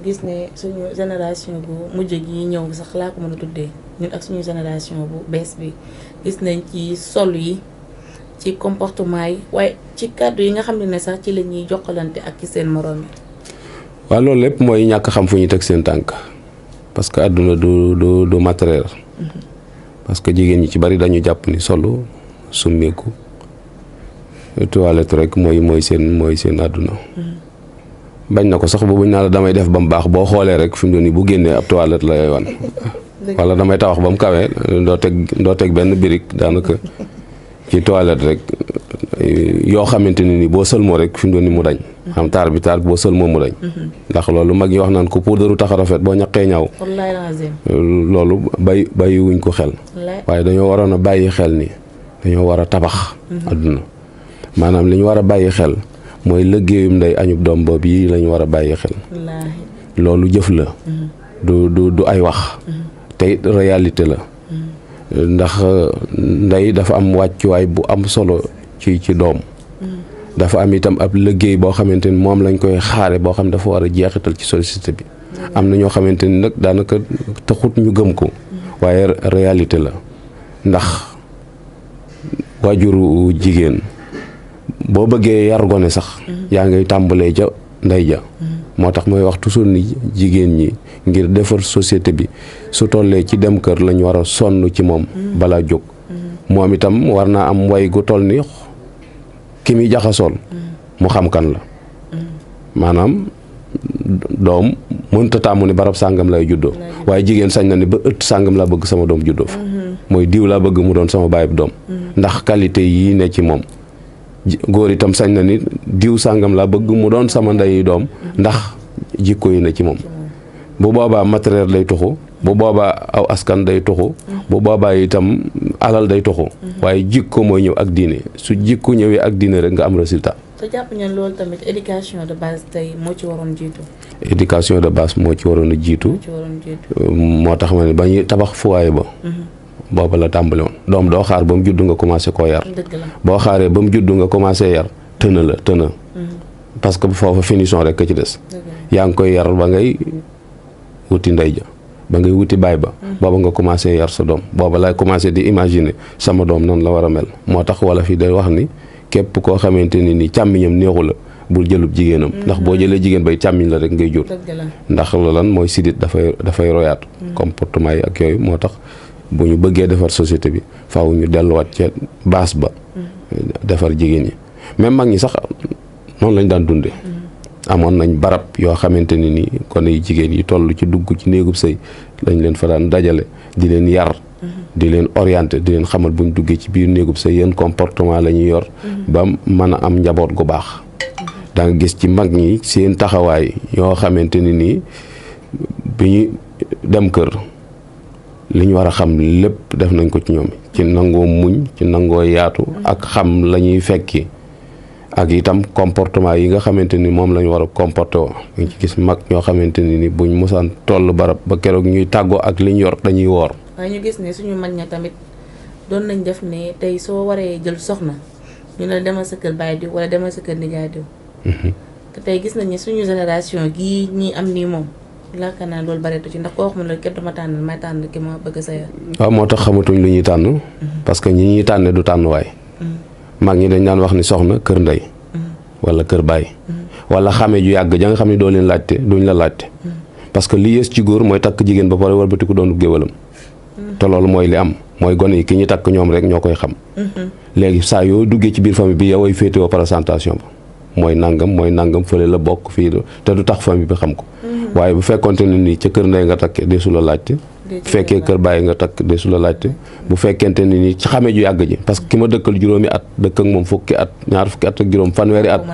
gis ne suñu génération bu mujj gi ñëw sax laa ko mën a tuddee ñun ak suñu génération bu bees bi gis nañ ci sol yi ci comportement yi waaye ci kàddu yi nga xam ne ne sax ci la ñuy jokkalante ak ci seen moroom yi. waaw loolu lépp mooy ñàkk xam fu ñu teg seen tànk parce que àdduna du du du matériel. Mm-hmm. parce que jigéen ñi ci bari dañu jàpp ni solo summeeku toilette rek mooy mooy seen mooy seen àdduna. Mm-hmm. bañ na ko sax boobu bañ naa la damay def ba mu baax boo xoolee rek fi mu ne nii bu génnee ab toilette la lay wan wala damay tabax ba mu kawee ndoo teg ndoo teg benn birig daanaka ci toilette rek yoo xamante ne ni boo sëlmoo rek fi mu ne nii mu dañ. xam taar bi taar boo sëlmoo mu dañ. ndax loolu mag yi wax naan ko puudaru tax a rafet boo ñaqee ñaw. loolu bay bàyyi wuñ ko xel. waaye dañoo waroon a bàyyi xel ni dañoo war a tabax. adduna mhm. maanaam li ñu war a bàyyi xel. mooy liggéeyum ndey añub doom boob yi lañu war a bàyyi xel loolu jëf la mm-hmm. du du du ay wax mm-hmm. tey réalité la mm-hmm. ndax euh, ndey dafa am wàccuwaay bu am solo ci ci doom dafa am itam ab liggéey boo xamante ni moom lañ koy xaare boo xam dafa war a jeexital ci société bi am na ñoo xamante ni nag daanaka taxut ñu gëm ko waaye réalité la ndax waajuru jigéen bo beugé yar goné sax ya ngay tambalé ja nday mhm. ja motax moy wax toujours ni jigen ñi ngir defar société bi su tollé ci dem kër lañ wara sonu ci mom mhm. bala jog mom itam warna am way gu toll ni kimi muy mu xam kan la manam dom mënta ta ni barab sangam lay juddo waaye jigen sañ na ni ba eut sangam la bëgg sama dom juddo fa mooy diw bëgg mu doon sama baye dom, ndax qualité yi ne ci góor itam sañ na ni diw sàngam laa bëgg mu doon sama ndeyu doom ndax jikko yi na ci moom bu boobaa matériel day toxu bu boobaa aw askan day toxu bu boobaa itam alal day toxu waaye jikko mooy ñëw ak diine su jikko ñëwee ak diine rek nga am résultat. te de base moo ci waroon jiitu. de base moo ci waroon a jiitu. moo tax ma ne ba ñuy tabax foyer ba. Mm-hmm. booba la tambali won dom do xaar bam juddu nga commencé ko yar bo xaaree bam juddu nga commencé yar teuna la teuna mm-hmm. parce que fofu finition rek ka ci dess yang koy yar ba ngay wuti ndey ja ba ngay wuti bay ba mm-hmm. booba nga commencé yar sa dom booba lay commencé di imaginer sama dom non la wara mel motax wala fi day wax ni kep ko xamanteni ni ni càmmiñam bu la bul jëlub jigéenam mm-hmm. ndax bo jëlé jigen bay càmmiñ la rek ngay jur ndax lan moy sidit da fay royat comportement ak yoy motax buñu bëggé défar société bi faaw ñu wat ci baas ba défar jigéen ñi même mag ñi sax non lañ daan dunde amon nañ barab yo xamanteni ni kon ay jigéen yi tollu ci dugg ci négu sey lañ leen fa daan di leen yar di leen orienter di leen xamal buñ duggé ci biir négu sey yeen comportement lañ yor ba mëna am njabot gu baax da nga gis ci mag ñi seen taxaway yo xamanteni ni biñu dem kër liñ wara xam lepp def nañ ko ci ñoom ci nango muñ ci nango yaatu ak xam lañuy fekki ak itam comportement yi nga xamanteni ni lañ wara ñu comporté woo ngi ci gis mag ño xamanteni ni buñ musan toll barab ba kérok ñuy taggo ak liñ yor dañuy wor way ñu gis ni suñu magña tamit doon nañ def ni tay so waré jël soxna ñu la sa kër bay di wala demal sa kër nijaay diw mhm. te tay gis nañ ni suñu génération gi ñi am ni mom yaakaar naa loolu ci ndax koo xam ne kenn du ma tànn may waaw moo tax xamatuñ lu ñuy tànn. Mm-hmm. parce que ñi ñuy tànne du tànn waay. Mm-hmm. mag ñi dañ daan wax ni soxna kër ndey. Mm-hmm. wala kër baay. wala xame ju yàgg ja nga xam ne doo leen laajte duñ la laajte. parce que li yées ci góor mooy takk jigéen ba pare wëlbatiku doon géwalam. te loolu mooy li am mooy gone yi ki ñu takk ñoom rek ñoo koy xam. léegi saa yoo duggee ci biir famille bi yow ay féetewoo présentation ba. mooy nangam mooy nangam fële la bokk fii te du tax famille bi xam ko. Mhm. waaye bu fekkonte ne nii ca kër ndey nga takk deesu la laajte. fekkee kër bàyyi nga takk deesu la laajte. bu fekkente ni nii ci xamee ju yàgg ji parce que ki ma dëkkal juróomi at dëkk ak moom fukki at ñaar fukki at ak juróom fanweeri at.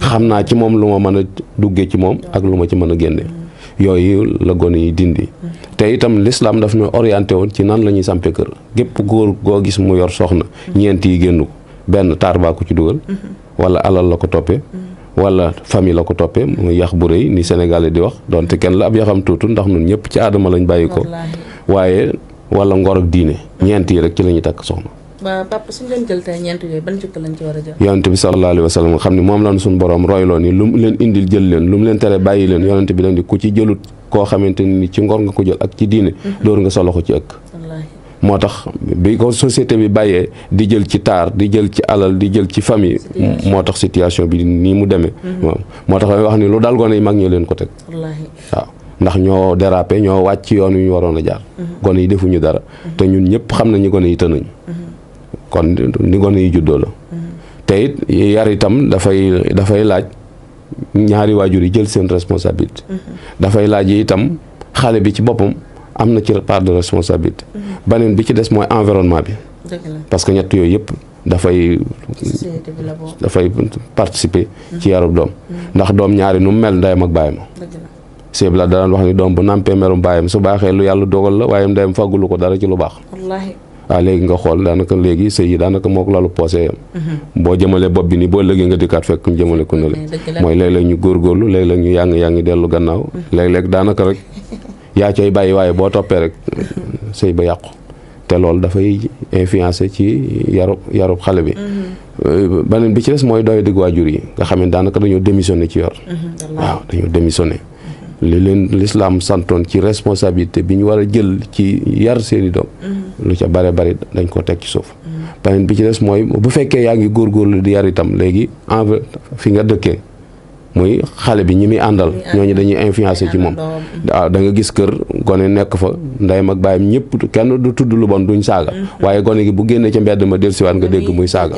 xam naa ci moom lu ma mën a duggee ci moom ak lu ma ci mën a génnee mhm. yooyu la gone yi dindi. Mhm. te itam lislaam daf ñu orienté woon ci nan la ñuy sampe kër gépp góor goo gis mu yor soxna. ñeent yi génn ko benn taar ci dugal. wala alal la ko toppee wala famille la ko toppee mu yax bu rëy ni Sénégal di wax donte kenn la ab yaxam tuutu ndax ñun ñëpp ci aadama lañu bàyyi ko waaye wala ngor ak diine ñeent yi rek ci la ñuy takk soxna. waaw papa suñu leen a jël. yonent bi sallallahu alayhi wa ne moom lañ suñu borom royloo ni lu mu leen indil bàyyi leen yonent bi dañ di ku ci jëlut koo xamante ni ci ngor nga ko jël ak ci diine. Mm-hmm. dóor nga sa loxo ci ëkk. moo tax bi ko société bi bàyyee di jël ci taar di jël ci alal di jël ci famille moo tax situation bi nii mu demee mm-hmm. moo tax wax ni lu dal gone yi mag ñu leen ko teg waaw ndax ñoo dérapé ñoo wàcc yoon yu ñu waroon a jaar mm-hmm. gone yi defuñu dara mm-hmm. te ñun ñëpp xam nañu gone yi tënañ kon ni gone yi juddoo la te it yar itam dafay dafay laaj ñaari waajur yi jël seen responsabilité dafay laaj itam xale bi ci boppam am na ci part de responsabilité. Mhm. beneen bi ci des mooy environnement bi. parce que ñett yooyu yëpp dafay. dafay participer mhm. ci yarub doom. Mhm. ndax doom ñaari nu mel ndeyam ak baay ma bi la daan wax ni doom bu nampee merum bàyyam su baaxee lu yàlla dogal la waaye ndeyam fàggulu ko dara ci lu baax. wallaahi waaw ah, léegi nga xool daanaka léegi sëy yi daanaka moo ko lalu poosé yam boo jëmalee bopp bi nii boo léegi nga dikkaat fekk mu jëmale ko ne mooy léeg-léeg ñu góorgóorlu léeg-léeg ñu yàng yàng dellu gannaaw. léeg-léeg daanaka rek. yaa cay bàyyi waaye boo toppee rek sëy ba yàqu te loolu dafay influencé ci yarub yarub xale bi mm-hmm. beneen bi ci des mooy doy digg waajur yi nga xam ne daanaka dañoo démissionné ci yor mm-hmm, waaw dañoo démissionné mm-hmm. li leen lislaam santoon ci responsabilité bi ñu war a jël ci yar seeni doom lu ca bare bari dañ ko teg ci suuf beneen bi ci des mooy bu fekkee yaa ngi góor góorgóorlu di yar itam léegi en fi nga dëkkee muy xale bi ñi muy àndal ñooñu dañuy influencé ci moom waaw ah, da nga gis kër gone nekk fa ndeyam ak baayam ñëpp kenn du tudd lu bon duñ saaga mm-hmm. waaye gone gi bu génnee ca mbedd ma del siwaat nga dégg muy saaga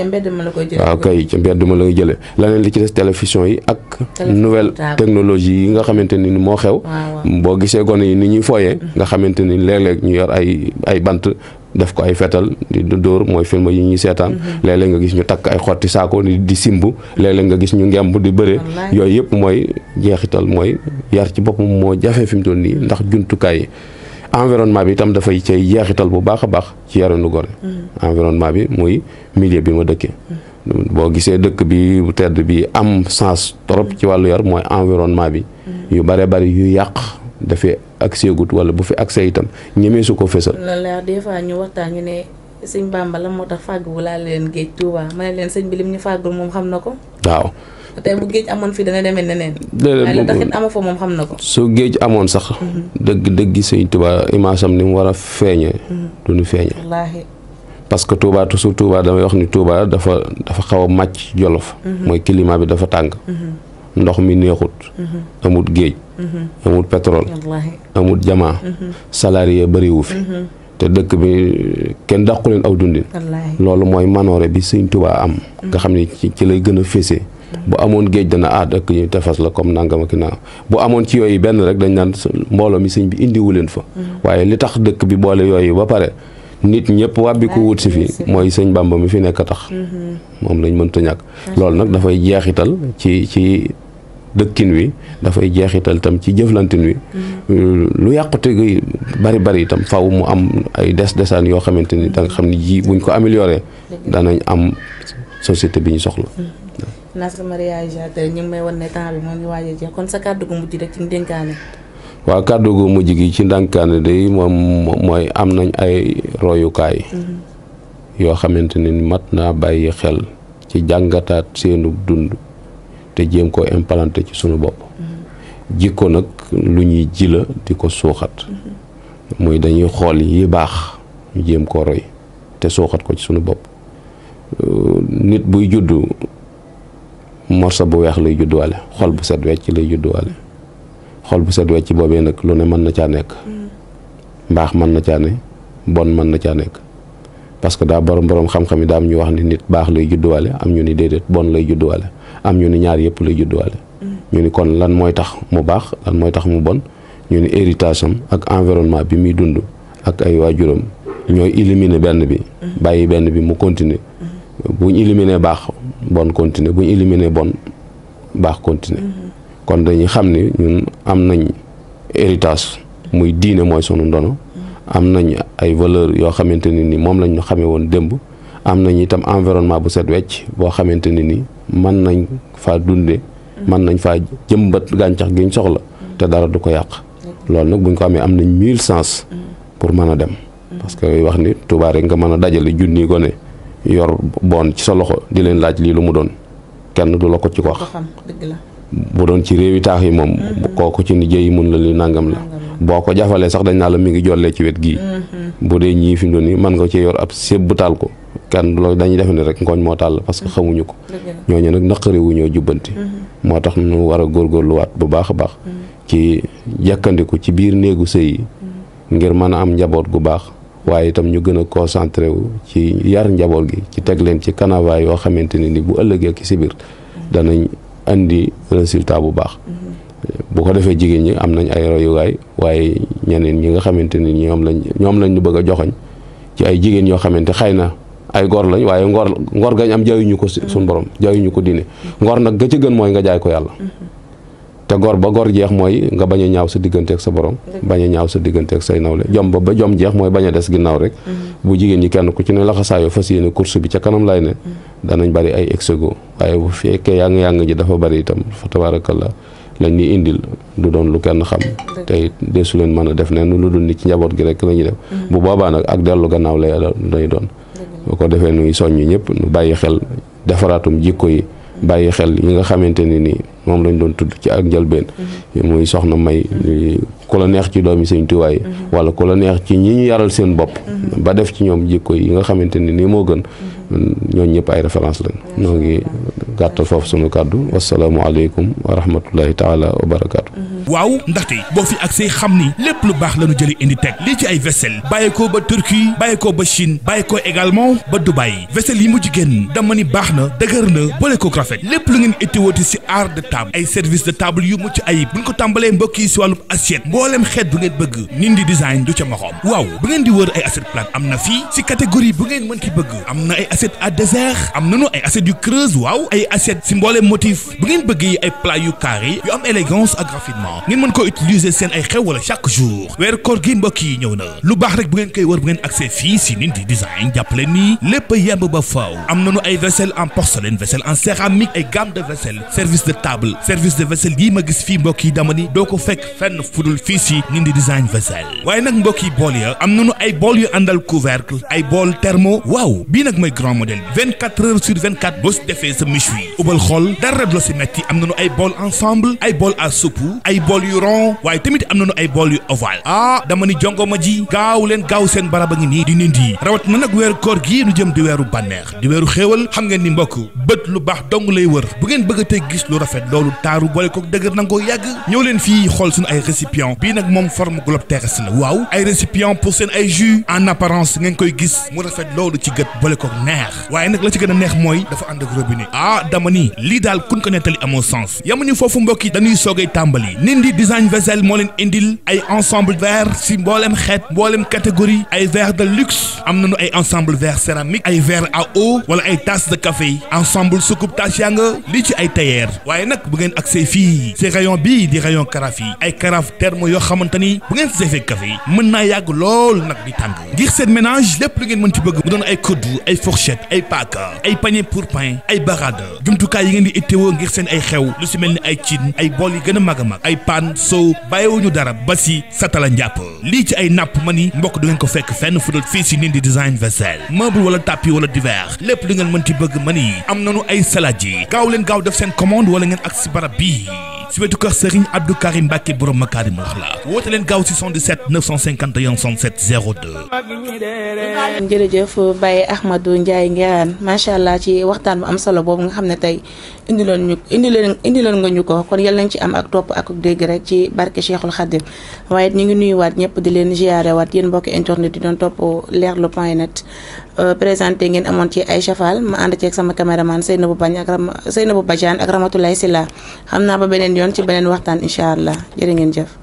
waaw kay ca mbedd ma la koy jëlee leneen li ci des télévision yi ak nouvelle technologie yi nga xamante ni moo xew boo gisee gone yi ni ñuy fooyee nga xamante ni léeg ñu yor ay ay bant def ko ay fetal di door moy film yi ñi sétan lélé nga gis ñu tak ay xotti saako di simbu lélé nga gis ñu ngemb di bëré yoy yëpp moy jeexital moy yar ci bopum mo jafé fim doon ni ndax juntu kay environnement bi da fay ci jeexital bu baaxa baax ci yaranu gone mm-hmm. environnement bi moy milieu bi ma dëkke mm-hmm. bo gisé dëkk bi bu tedd bi am sens trop mm-hmm. ci walu yar moy environnement bi yu bare bari yu yaq dafee accès gut wala bu fi accès itam ñemee su ko fësal. lan la des fois ñu waxtaan ñu ne sëñ Bamba la moo tax fàggu laa leen géej Touba ma leen sëñ bi lim ñu fàggul moom xam na ko. waaw. tey bu géej amoon fii dana demee neneen. déedéet la taxit amoo fa moom xam na ko. su géej amoon sax. Mhm. dëgg dëgg sëñ Touba image am ni mu war a feeñee. Mhm. du ñu feeñee. wallaahi. parce que Touba toujours Touba damay wax ni tuubaa dafa dafa xaw a màcc Jolof. Mhm. mooy climat bi dafa tàng. ndox mi neexut amut geej amut pétrole amut jama mhm. salarié wu fi mhm. te dëkk bi eh, kenn dàqu leen aw dundin loolu moy manoré bi seigne touba am mhm. nga xamni ci lay gëna fessé bu amone geej dana aad ak ñu tafas la comme nangam ak na bu amone ci yoy ben rek dañ nan mbolo mi seigne bi wu leen fa waye li tax dëkk bi boole yoy ba paré nit ñepp wabi ko wut ci fi moy seigne bamba mi fi nek tax mom lañ ñak lool nak da fay jeexital ci ci dëkkin wi dafay jeexital itam ci jëflantin wi mm-hmm. lu yàqute bari bari itam faw mu am ay des desaan yoo xamante ni da xam ne jii buñ ko amélioré danañ am société bi ñu soxla mm-hmm. Nasr Maria Jaata ñu ngi may ci ndénkaane waaw kàddu gu mujj gi ci ndànkaane day moom mooy am nañ ay royukaay mm-hmm. yoo xamante ni mat naa bàyyi xel ci jàngataat seenu dund te jéem koo implanté ci sunu bopp jikko nag lu ñuy ji la di ko suuxat muy dañuy xool yi baax ñu jéem koo roy te suuxat ko ci sunu bopp euh, nit buy juddu morsa bu weex lay judduwaale xol bu set wecc lay judduwaale xol bu set wecc boobee nag lu ne mën na caa nekk mbaax mën na caa ne bon mën na caa nekk parce que daa borom borom xam-xam yi daa am ñu wax ni nit baax lay judduwaale am ñu ni déedéet bon lay judduwaale am ñu ni ñaar yëpp lay judduwaale ñu ni kon lan mooy tax mu baax lan mooy tax mu bon ñu ni héritage ak environnement bi muy dund ak ay waajuram ñooy éliminer benn bi bàyyi benn bi mu continuer buñ éliminer baax bon continuer buñ éliminer bon baax continuer kon dañu xam ni ñun am nañ héritage muy diine mooy sunu ndono am nañ ay valeur yoo xamante ne ni moom lañ ñu xamee woon démb am nañu itam environnement bu set wecc boo xamante ne ni man nañ faa dunde mën nañ faa jëmbat gàncax gi ñu soxla te dara du ko yàq loolu nag buñ ko amee am nañ mille sens pour mën a dem parce que wax ni Tuubaa rek nga mën a dajale junni gone yor bon ci sa loxo di leen laaj lii lu mu doon kenn du la ko ci wax bu doon ci réewi taax yi moom mm-hmm. kooku ci ni yi mun la li nangam la boo ko jafalee sax dañ naa la mi ngi jollee ci wet gii mm-hmm. bu dee ñii fi mu doon nii mën nga cee yor ab sébb taal ko kan loolu dañuy defe ni rek ngooñ moo tàll parce que xamuñu ko ñoo nag naqari wu ñoo jubbanti mhm. moo tax nu war a góorluwaat bu baax a baax mhm. ci jàkkandiku ci biir néegu sëy yi mhm. ngir mën a am njaboot gu baax waaye itam ñu gën a concentré wu ci yar njaboot gi ci teg leen ci canava yoo xamante ne ni bu ëllëg ëllëgee ak si biir danañ indi résultat bu baax bu ko defee jigéen ñi am nañ ay royuwaay waaye ñeneen ñi nga xamante ni ñoom lañ ñoom lañ ñu bëgg a joxoñ ci ay jigéen yoo xamante xëy na ay gor lañ waye ngor ngor gañ am jaayuñu ko mm-hmm. sun borom jaayuñu ko diine ngor nak ga ci gën moy nga jaay ko yalla mm-hmm. te gor ba gor jeex moy nga baña ñaaw sa digënté ak sa borom baña ñaaw sa digënté ak say nawle jom ba jom jeex moy baña dess ginnaw rek mm-hmm. bu jigen ñi kenn ku ci ne la xassayo fasiyene course bi ca kanam lay ne danañ bari ay exego waye bu fekke yang yang ji dafa bari itam fa tabarakallah lañ ni indil du doon lu kenn xam te deesu leen mëna def neen lu dul ni ci njabot gi rek lañu def bu boobaa nak ak delu gannaaw lay doon bu ko defee nuy soññ ñëpp nu bàyyi xel defaraatum jikko yi bàyyi xel yi nga xamante ne nii moom lañ doon tudd ci ak njëlbeen mm-hmm. muy soxna may ku la neex ci doom yi Tuubaa yi mm-hmm. wala ku la neex ci ñi ñu yaral seen bopp mm-hmm. ba def ci ñoom jikko yi nga xamante ne ni moo gën ñooñ ñëpp ay référence lañ gàttal foofu sunu kàddu wa rahmatullahi taala wa barakaatu. waaw ndaxte boo fi accès xam ni lépp lu baax la ñu jëli indi teg lii ci ay vaisselle bàyyeekoo ba Turquie bàyyeekoo ba Chine bàyyeekoo également ba Dubaï vaisselle yi mu jigéen dama ni baax na dëgër na boole ko rafet lépp lu ngeen ittiwooti si art de table ay service de table yu mucc ayib bu ñu ko tàmbalee mbokk si wàllum assiette mbooleem xeet bu ngeen bëgg nindi design du ca maxoom waaw bu ngeen di wër ay assiette plate am na fii assiette symbole et motif brin ngeen bëggee ay plat yu carré yu am élégance ak raffinement Ni mën ko utiliser seen ay xew wala chaque jour weer koor gi mbokk yi ñëw na lu bax rek bu ngeen koy wër bu ngeen accès fi si Design jàppale nii lépp yemb ba faaw am nañu ay vaisselle en porcelaine vaisselle en céramique et gamme de vaisselle service de table service de vaisselle yi ma gis fi mbokk yi dama ni doo ko fekk fenn fudul fi si Design vaisselle waaye nak mbokk yi bol ya am nañu ay bol yu andal couvercle ay bol thermo waaw bi nak grand modèle 24 heures sur 24 boo défé sa fii ubal xool dara du la si metti am nañu ay bool ensemble ay bool à soupe ay bool yu rond waaye tamit am nañu ay bool yu ovale ah dama ni jongoma ji gaaw leen gaaw seen barab a ngi nii di nindi rawat na nag weer koor gii nu jëm di weeru bànneex di weeru xéewal xam ngeen ni mbokk bët lu baax dong lay wër bu ngeen bëgg a tey gis lu rafet loolu taaru boole ko dëgër nangoo yàgg ñëw leen fii xol suñu ay récipient bii nag moom form globe terrestre la waaw ay récipient pour seen ay jus en apparence ngeen koy gis mu rafet loolu ci gët boole ko neex waaye nag la ci gën a neex mooy dafa ànd ak robinet ah damani li ni lii kun ko netali amo sens yamuñu fofu mbokki dañuy sogay tambali Nindi design vessel mo len indil ay ensemble verre si mbooleem xeet catégorie ay verre de luxe am nañu ay ensemble verre céramique ay verre à eau wala ay tasse de café ensemble soucoupe tasse yaa nga ci ay tailleur waye nak bu ngeen accès fi ci rayon bi di rayon carafe ay carafe terme yo xamante ni bu ngeen si café mën naa yàgg lool nak di tàng ngir seen ménage lepp lu ngeen mën ci bëgg mu don ay kuddu ay fourchette ay paaka ay panier pour pain ay barada jumtukaay yi ngeen di ittewoo ngir seen ay xew lu si mel ni ay cin ay bool yi gën a mag a mag ay paan sow bàyyiwuñu dara ba si satala njàpp lii ci ay napp man yi mbokk du ngeen ko fekk fenn fu fii si Nindi design vaisselle meuble wala tapis wala divers lépp lu ngeen mën ci bëgg man yi am nañu ay salade yi gaaw leen gaaw def seen commande wala ngeen ak si barab bii si du kër Serigne Abdou Karim Mbacke borom Makarim wax la woote leen gaaw 77 951 67 02. jërëjëf Baye Ahmadou Ndiaye Nguerane macha ci waxtaan bu am solo boobu nga xam ne tey indiloon ñu indiloon indiloon nga ñu ko kon yal nañ ci am ak ak rek ci barke Cheikhul Khadim ngi di internet yi doon topp leerlu point net euh, présenté ngeen amoon ci Aïcha Fall ma ànd ceeg sama caméraman Seynabou ak Seynabou ak ba yoon ci beneen waxtaan incha allah jërë ngeen jëf